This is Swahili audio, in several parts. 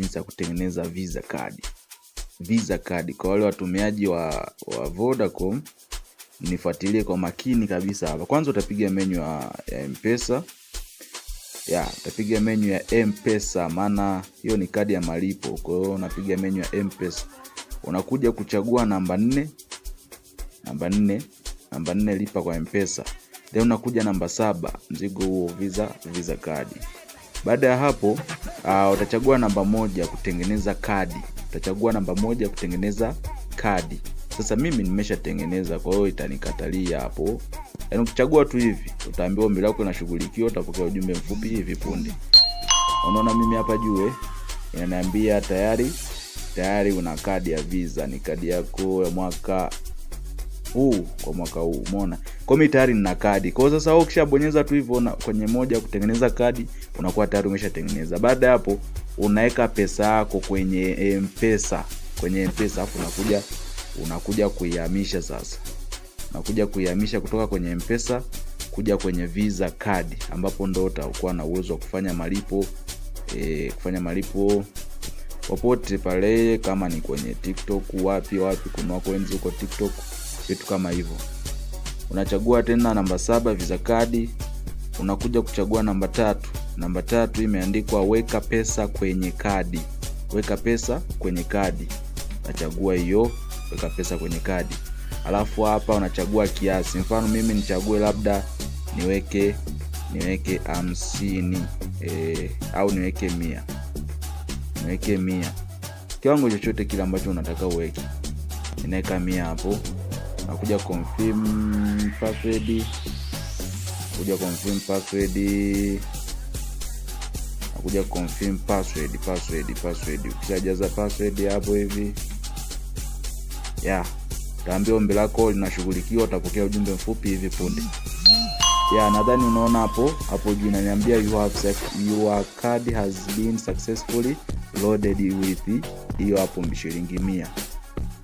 Jinsi ya kutengeneza Visa card. Visa card kwa wale watumiaji wa, wa Vodacom nifuatilie kwa makini kabisa hapa. Kwanza utapiga menyu ya, ya Mpesa ya utapiga menyu ya Mpesa, maana hiyo ni kadi ya malipo. Kwa hiyo unapiga menyu ya Mpesa, unakuja kuchagua namba nne, namba nne, namba nne, lipa kwa Mpesa, then unakuja namba saba, mzigo huo Visa Visa kadi. Baada ya hapo uh, utachagua namba moja kutengeneza kadi utachagua namba moja kutengeneza kadi sasa mimi nimeshatengeneza kwa hiyo itanikatalia hapo yaani ukichagua tu hivi utaambiwa ombi lako inashughulikiwa utapokea ujumbe mfupi hivi punde unaona mimi hapa juu eh? inaniambia tayari tayari una kadi ya visa ni kadi yako ya mwaka huu kwa mwaka huu umeona kwa mi tayari nina kadi kwao sasa ukishabonyeza tu hivyo kwenye moja kutengeneza kadi unakuwa tayari umeshatengeneza baada ya hapo unaweka pesa yako kwenye mpesa kwenye mpesa afu unakuja unakuja kuihamisha sasa unakuja kuihamisha kutoka kwenye mpesa kuja kwenye visa kadi ambapo ndo utakuwa na uwezo wa kufanya malipo e, kufanya malipo popote pale kama ni kwenye tiktok wapi wapi kuna wako coins huko tiktok vitu kama hivyo. Unachagua tena namba saba Visa kadi, unakuja kuchagua namba tatu. Namba tatu imeandikwa weka pesa kwenye kadi, weka pesa kwenye kadi. Nachagua hiyo weka pesa kwenye kadi, alafu hapa unachagua kiasi. Mfano mimi nichague labda niweke niweke hamsini e, au niweke mia niweke mia kiwango chochote kile ambacho unataka uweke, inaweka mia hapo nakuja confirm password, kuja confirm password, nakuja confirm password, password, password. Ukishajaza password hapo hivi ya taambia ombi lako linashughulikiwa, utapokea ujumbe mfupi hivi punde. Yeah, nadhani unaona hapo hapo juu inaniambia you have your card has been successfully loaded with hiyo hapo shilingi mia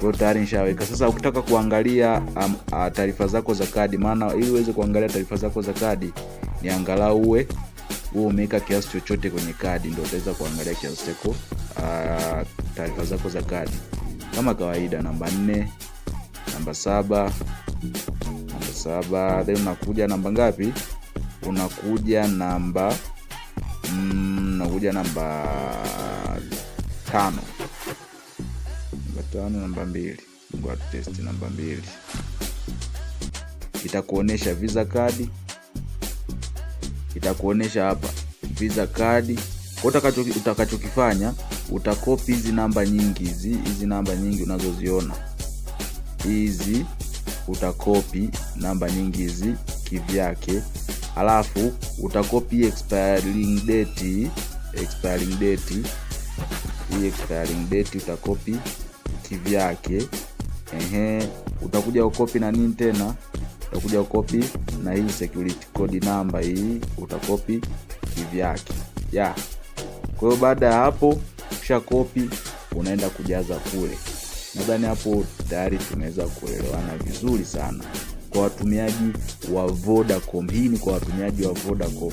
kwao tayari nishaweka. Sasa ukitaka kuangalia um, uh, taarifa zako za kadi, maana ili uweze kuangalia taarifa zako za kadi ni angalau uwe huo umeweka kiasi chochote kwenye kadi, ndo utaweza kuangalia kiasi chako uh, taarifa zako za kadi kama kawaida, namba nne, namba saba, namba saba, then unakuja namba ngapi? Unakuja namba mm, unakuja namba tano namba tano namba mbili test namba mbili itakuonesha visa card, itakuonesha hapa visa card. Kwa utakachokifanya utakopi hizi namba nyingi hizi hizi namba nyingi unazoziona hizi, utakopi namba nyingi hizi kivyake, alafu utakopi expiring date, expiring date hii expiring date utakopi kivyake. Ehe, utakuja ukopi na nini tena, utakuja ukopi na hii security code namba hii, utakopi kivyake ya Kwa hiyo baada ya hapo kisha kopi, unaenda kujaza kule. Nadhani hapo tayari tumeweza kuelewana vizuri sana. Kwa watumiaji wa Vodacom, hii ni kwa watumiaji wa Vodacom.